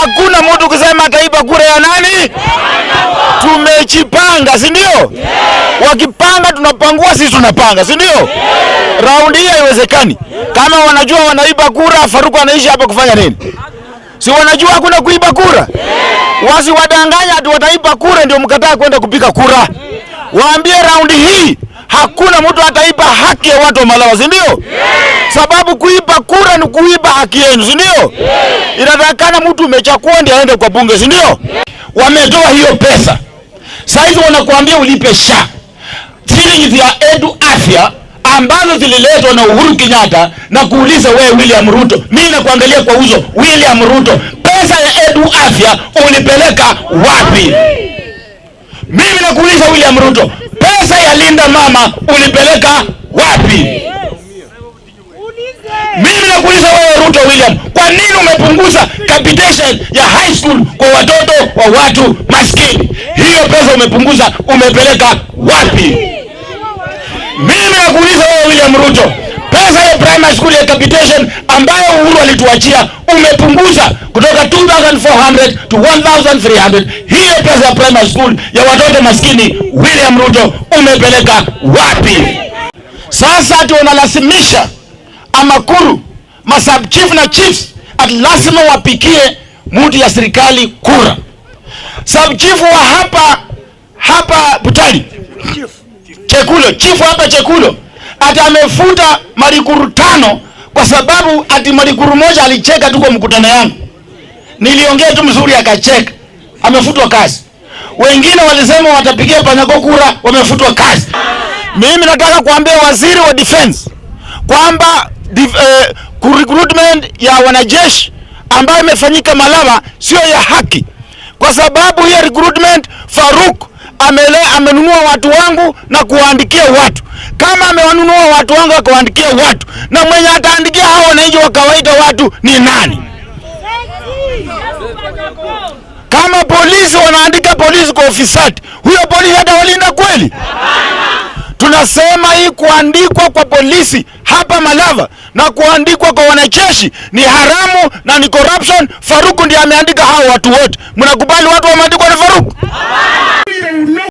Hakuna mtu kusema ataiba kura ya nani. Tumejipanga, si ndio? Yeah. Wakipanga tunapangua, sisi tunapanga, si ndio? Yeah. Raundi hii haiwezekani. Kama wanajua wanaiba kura, Faruku anaishi hapa kufanya nini? Si wanajua hakuna kuiba kura? Yeah. Wasi wadanganya ati wataiba kura ndio mkataa kwenda kupiga kura. Yeah. Waambie raundi hii hakuna mtu ataiba haki ya watu wa Malawa, si ndio? Yeah. Sababu kuiba kura ni kuiba haki yenu, si ndio? Yeah inatakana mtu umechakua ndio aende kwa bunge, si ndio? Wametoa hiyo pesa, saizi wanakuambia ulipe sha shilingi vya edu afya ambazo zililetwa na Uhuru Kenyatta na kuuliza wewe William Ruto, mimi nakuangalia kwa uso William Ruto, pesa ya edu afya ulipeleka wapi? Mimi nakuuliza William Ruto, pesa ya Linda Mama ulipeleka wapi? Mimi nakuuliza wewe Ruto William, kwa nini kupunguza capitation ya high school kwa watoto wa watu maskini. Hiyo pesa umepunguza, umepeleka wapi? Mimi nakuuliza wewe William Ruto, pesa ya primary school ya capitation ambayo Uhuru alituachia umepunguza kutoka 2400 to 1300. Hiyo pesa ya primary school ya watoto maskini, William Ruto, umepeleka wapi? Sasa tunalazimisha amakuru masub chief na chiefs lazima wapikie mtu ya serikali kura. Sabchifu wa hapa hapa Butali Chekulo, chifu hapa Chekulo ati amefuta marikuru tano kwa sababu ati marikuru moja alicheka tu kwa mkutano yangu, niliongea tu mzuri akacheka, amefutwa kazi. Wengine walisema watapigia panyako kura, wamefutwa kazi. Mimi nataka kuambia waziri wa defense kwamba eh, recruitment ya wanajeshi ambayo imefanyika Malaba sio ya haki, kwa sababu hiyo recruitment Faruk amele, amenunua watu wangu na kuwaandikia watu. Kama amewanunua watu wangu akawaandikia watu, na mwenye ataandikia hao wananchi wa kawaida watu ni nani? Kama polisi wanaandika polisi kwa ofisati, huyo polisi atawalinda kweli? Anasema hii kuandikwa kwa polisi hapa Malava na kuandikwa kwa wanajeshi ni haramu na ni corruption. Faruku ndiye ameandika hao watu wote. Mnakubali watu wameandikwa na Faruku?